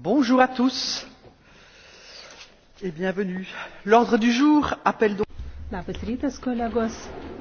Bonjour à tous et bienvenue. L'ordre du jour appelle donc. Labas rytas, kolegos.